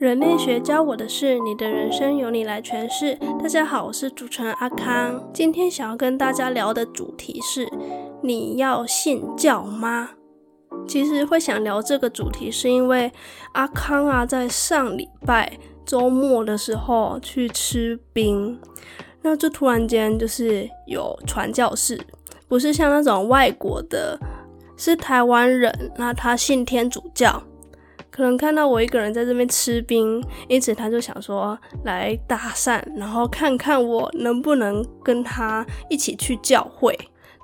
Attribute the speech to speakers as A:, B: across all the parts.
A: 人類學教我的事，你的人生由你來詮釋。大家好，我是主持人阿康，今天想要跟大家聊的主題是，你要信教嗎？其實會想聊這個主題，是因為阿康啊，在上禮拜週末的時候去吃冰，那這突然間就是有傳教士，不是像那種外國的，是台灣人，那他信天主教。可能看到我一個人在這邊吃冰，因此他就想說來搭訕，然後看看我能不能跟他一起去教會。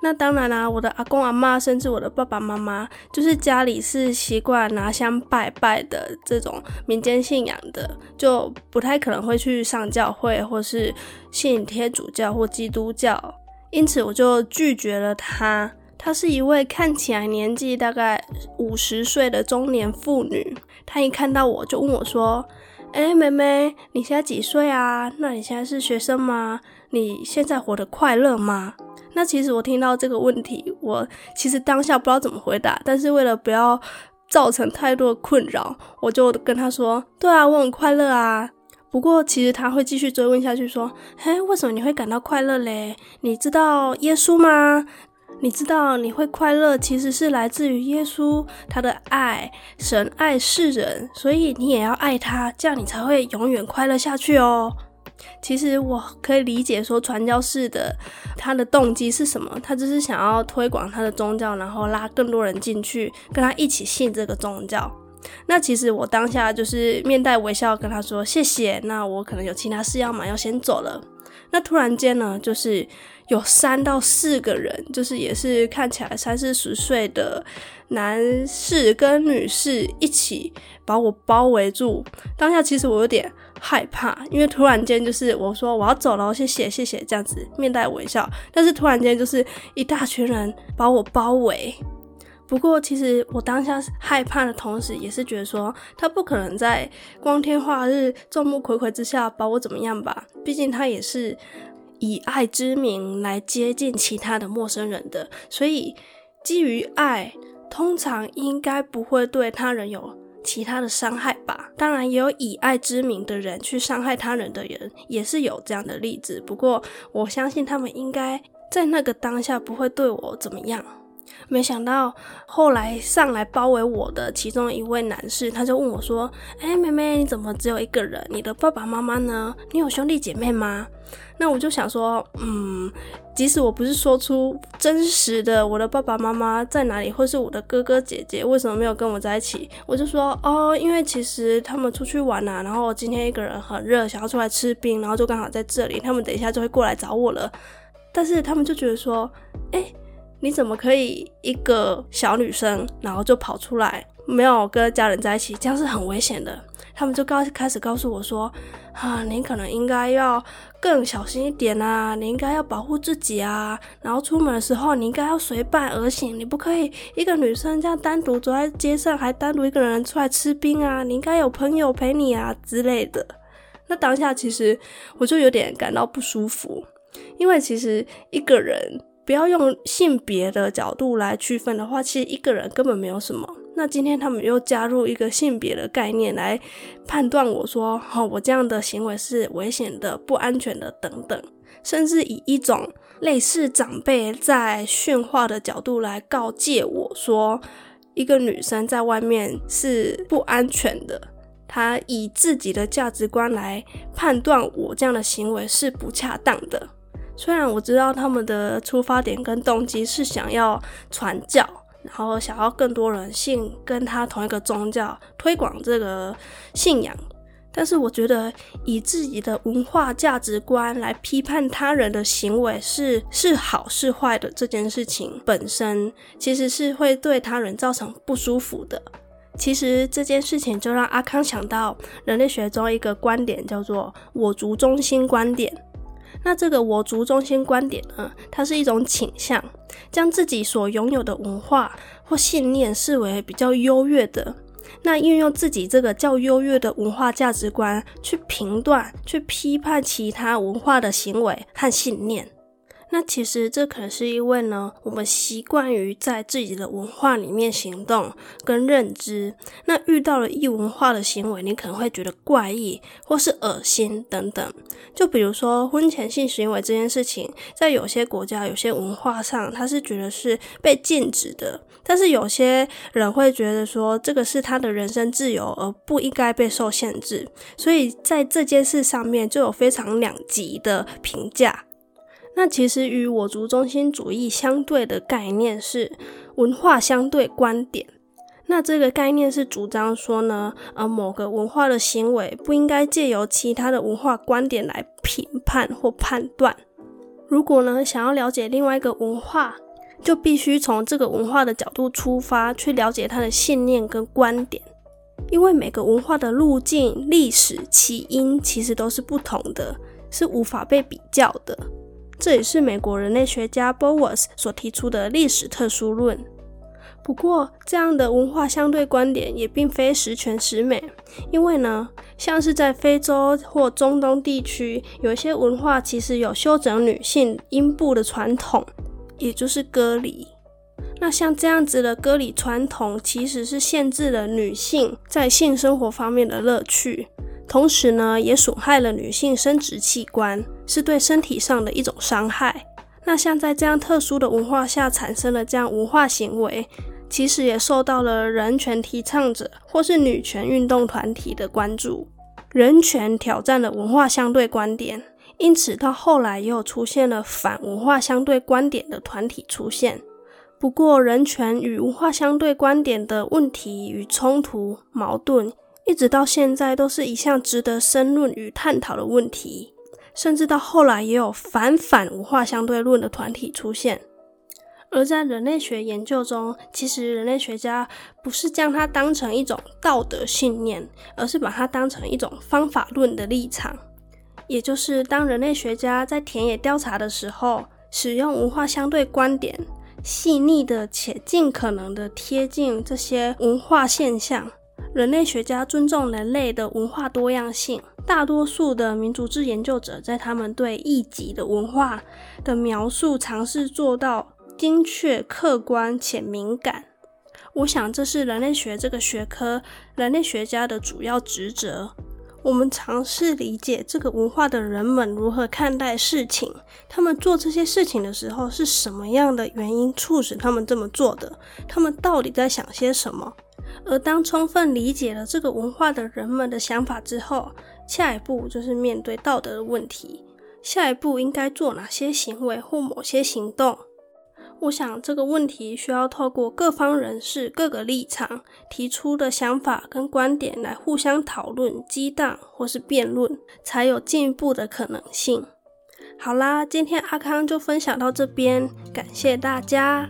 A: 那當然啦、啊，我的阿公阿媽甚至我的爸爸媽媽，就是家裡是習慣拿香拜拜的這種民間信仰的，就不太可能會去上教會或是信天主教或基督教，因此我就拒絕了他。她是一位看起來年紀大概五十歲的中年婦女。她一看到我就問我說：“哎、欸，妹妹，你現在幾歲啊？那你現在是學生嗎？你現在活得快樂嗎？”那其實我聽到這個問題，我其實當下不知道怎麼回答。但是為了不要造成太多的困擾，我就跟她說：“對啊，我很快樂啊。”不過其實她會繼續追問下去，說：“哎、欸，為什麼你會感到快樂嘞？你知道耶穌嗎？”你知道你會快樂，其實是來自於耶穌他的愛，神愛世人，所以你也要愛他，這樣你才會永遠快樂下去哦。其實我可以理解說傳教士的他的動機是什麼，他只是想要推廣他的宗教，然後拉更多人進去跟他一起信這個宗教。那其實我當下就是面帶微笑跟他說謝謝，那我可能有其他事要忙，要先走了。那突然間呢，就是有三到四個人，就是也是看起來三四十歲的男士跟女士一起把我包圍住。當下其實我有點害怕，因為突然間就是我說我要走了，謝謝謝謝這樣子面帶微笑，但是突然間就是一大群人把我包圍。不過，其實我當下害怕的同時，也是覺得說，他不可能在光天化日、眾目睽睽之下把我怎麼樣吧？畢竟他也是以愛之名來接近其他的陌生人的，所以基於愛，通常應該不會對他人有其他的傷害吧？當然，也有以愛之名的人去傷害他人的人，也是有這樣的例子。不過，我相信他們應該在那個當下不會對我怎麼樣。沒想到後來上來包圍我的其中一位男士，他就問我說：“誒，妹妹，你怎麼只有一個人？你的爸爸媽媽呢？你有兄弟姐妹嗎？”那我就想說，嗯，即使我不是說出真實的我的爸爸媽媽在哪裡，或是我的哥哥姐姐為什麼沒有跟我在一起，我就說哦，因為其實他們出去玩啦，然後今天一個人很熱，想要出來吃冰，然後就剛好在這裡，他們等一下就會過來找我了。但是他們就覺得說，誒……你怎麼可以一個小女生，然後就跑出來，沒有跟家人在一起，這樣是很危險的。他們就告開始告訴我說，啊，你可能應該要更小心一點啊，你應該要保護自己啊，然後出門的時候你應該要隨伴而行，你不可以一個女生這樣單獨走在街上，還單獨一個人出來吃冰啊，你應該有朋友陪你啊之類的。那當下其實我就有點感到不舒服，因為其實一個人。不要用性別的角度來區分的話，其實一個人根本沒有什麼。那今天他們又加入一個性別的概念來判斷我說，哦，我這樣的行為是危險的、不安全的等等，甚至以一種類似長輩在訓話的角度來告誡我說，一個女生在外面是不安全的。她以自己的價值觀來判斷我這樣的行為是不恰當的。雖然我知道他們的出發點跟動機是想要傳教，然後想要更多人信跟他同一個宗教，推廣這個信仰，但是我覺得以自己的文化價值觀來批判他人的行為是是好是壞的這件事情本身其實是會對他人造成不舒服的。其實這件事情就讓阿康想到人類學中一個觀點，叫做“我族中心觀點”。那這個我族中心觀點呢，它是一種傾向，將自己所擁有的文化或信念視為比較優越的，那運用自己這個較優越的文化價值觀去評斷、去批判其他文化的行為和信念。那其實這可能是因為呢，我們習慣於在自己的文化裡面行動跟認知，那遇到了異文化的行為，你可能會覺得怪異或是噁心等等。就比如說婚前性行為這件事情，在有些國家、有些文化上，他是覺得是被禁止的。但是有些人會覺得說，這個是他的人身自由，而不應該被受限制。所以在這件事上面，就有非常兩極的評價。那其實與我族中心主義相對的概念是文化相對觀點。那這個概念是主張說呢，呃，某個文化的行為不應該借由其他的文化觀點來評判或判斷。如果呢，想要了解另外一個文化，就必須從這個文化的角度出發，去了解它的信念跟觀點，因為每個文化的路徑、歷史、起因其實都是不同的，是無法被比較的。這也是美國人類學家 Boas 所提出的歷史特殊論。不過，這樣的文化相對觀點也並非十全十美，因為呢，像是在非洲或中東地區，有一些文化其實有修整女性陰部的傳統，也就是割禮。那像這樣子的割禮傳統，其實是限制了女性在性生活方面的樂趣。同時呢，也損害了女性生殖器官，是對身體上的一種傷害。那像在這樣特殊的文化下產生了這樣文化行為，其實也受到了人權提倡者或是女權運動團體的關注。人權挑戰了文化相對觀點，因此到後來也有出現了反文化相對觀點的團體出現。不過，人權與文化相對觀點的問題與衝突矛盾。一直到現在都是一項值得深論與探討的問題，甚至到後來也有反反文化相對論的團體出現。而在人類學研究中，其實人類學家不是將它當成一種道德信念，而是把它當成一種方法論的立場。也就是當人類學家在田野調查的時候，使用文化相對觀點，細膩的且盡可能的貼近這些文化現象。人類學家尊重人類的文化多樣性。大多數的民族誌研究者在他們對異己的文化的描述，嘗試做到精確、客觀且敏感。我想，這是人類學這個學科人類學家的主要職責。我們嘗試理解這個文化的人們如何看待事情，他們做這些事情的時候是什麼樣的原因促使他們這麼做的，他們到底在想些什麼？而當充分理解了這個文化的人們的想法之後，下一步就是面對道德的問題，下一步應該做哪些行為或某些行動？我想這個問題需要透過各方人士各個立場提出的想法跟觀點來互相討論、激盪或是辯論，才有進一步的可能性。好啦，今天阿康就分享到這邊，感謝大家。